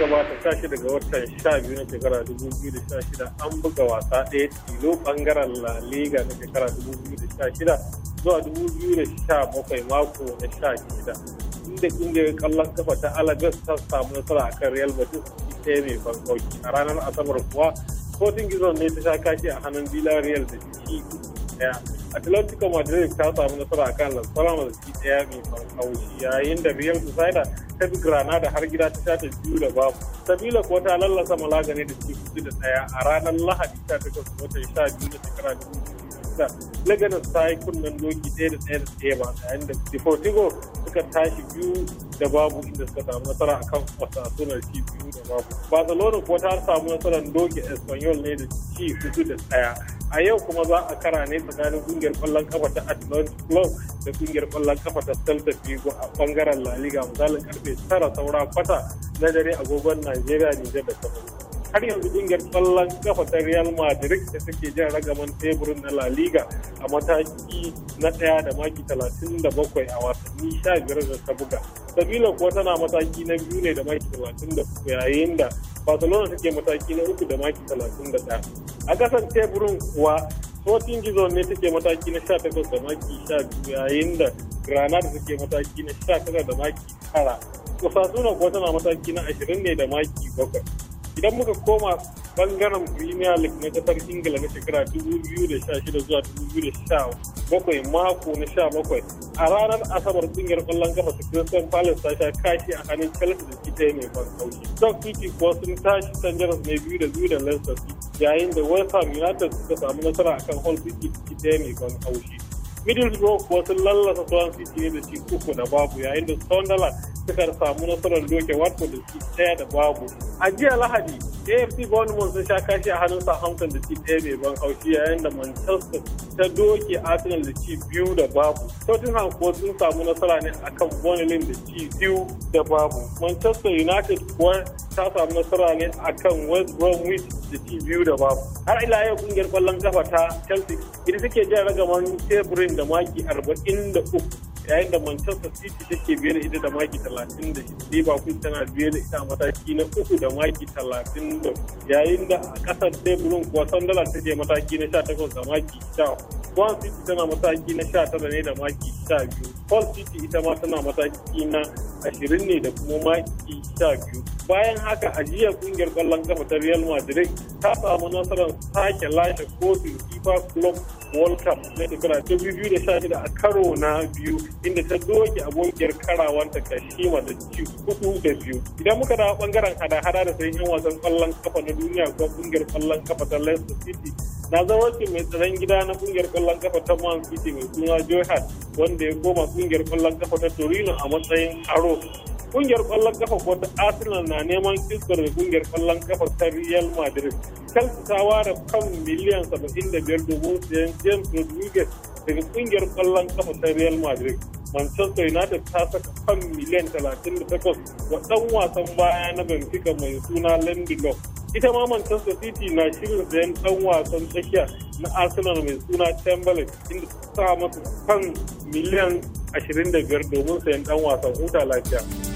gabata shi daga watan 12 na shekara 2016 an buga wasa ɗaya tilo bangaren La Liga na shekara 2016 zuwa 2017 mako na shida inda kungiyar kallon kafa ta Alaves ta samu nasara a kan Real Madrid ɗaya mai bankauki a ranar Asabar kuwa Sporting Gizon ne ta sha kashi a hannun real da shi ɗaya atlantico Madrid ta samu nasara kan Las Palmas da shi ɗaya mai bankauki yayin da Real Sociedad ta bi granada har gida ta sha ta biyu da babu sabila kuwa ta lallasa malaga ne da su da daya a ranar lahadi ta kasu watan sha biyu da shekara dubu da laganas ta yi kunnen doki ɗaya da ɗaya da ɗaya ba yayin da deportivo suka tashi biyu da babu inda suka samu nasara a kan suna ci biyu da babu barcelona kuwa ta samu nasarar doki espanyol ne da ci hudu da ɗaya a yau kuma za a kara ne tsakanin kungiyar kwallon kafa ta atlantic club da kungiyar kwallon kafa ta celta vigo a bangaren la liga misalin karfe tara saura kwata na dare agogon najeriya nijar da kamaru har yanzu ingar kwallon kafa ta Real Madrid da suke jin ragaman teburin na La Liga a mataki na ɗaya da maki 37 a wasanni 15 da ta buga. Sabila kuwa tana mataki na biyu ne da maki 34 yayin da Barcelona suke mataki na uku da maki 31. A kasan teburin kuwa Sporting Gizon ne suke mataki na 18 da maki 12 yayin da Granada suke mataki na 19 da maki 9. Osasuna kuwa tana mataki na 20 ne da maki 7. idan muka koma bangaren premier league na kasar ingila na shekara 2016 zuwa 2017 mako na 17 a ranar asabar kungiyar kwallon kafa su christian palace ta sha kashi a hannun chelsea da kita mai ban kaushi stock city kuwa sun tashi san jaras mai biyu da biyu da leicester city yayin da west ham united suka samu nasara akan hall city da kita mai ban kaushi middlesbrough kuwa sun lallasa city ne da ci uku da babu yayin da sunderland sukar samu nasarar doke watford da ci ɗaya da babu a jiya lahadi afc bournemouth sun sha kashi a hannun southampton da ci daya mai ban haushi yayin da manchester ta doke arsenal da ci biyu da babu tottenham kuwa sun samu nasara ne akan bonilin da ci biyu da babu manchester united kuwa ta samu nasara ne akan west bromwich da ci biyu da babu har ila yau kungiyar kwallon kafa ta chelsea ita take jan ragaman teburin da maki arba'in da uku yayin da Manchester City take biyar ita da maki 36 Liverpool tana biyar ita a mataki na uku da maki 30 yayin da a kasar teburin kuwa Sunderland take mataki na 18 da maki 10 Swan City tana mataki na 19 ne da maki 12 Hull City ita ma tana mataki na ashirin ne da kuma maki sha biyu bayan haka ajiyar kungiyar kwallon kafa ta real madrid ta samu nasarar sake lashe kofin fifa club world cup na shekara ta biyu da sha shida a karo na biyu inda ta doke abokiyar karawanta kashima da ci hudu da biyu idan muka dawo bangaren hada-hada da yan wasan kwallon kafa na duniya ko kungiyar kwallon kafa ta leicester city na zawarci mai tsaron gida na kungiyar kwallon kafa ta man city mai suna johan wanda ya koma kungiyar kwallon kafa ta torino a matsayin aro tsaro kungiyar kwallon kafa ko arsenal na neman kisbar da kungiyar kwallon kafa ta real madrid chelsea ta ware kan miliyan 75 domin sayan james rodriguez daga kungiyar kwallon kafa ta real madrid manchester united ta saka kan miliyan 38 wa ɗan wasan baya na benfica mai suna lindelof ita ma manchester city na shirin sayan ɗan wasan tsakiya na arsenal mai suna chamberlain inda ta masa kan miliyan ashirin da biyar domin sayan dan wasan huta lafiya.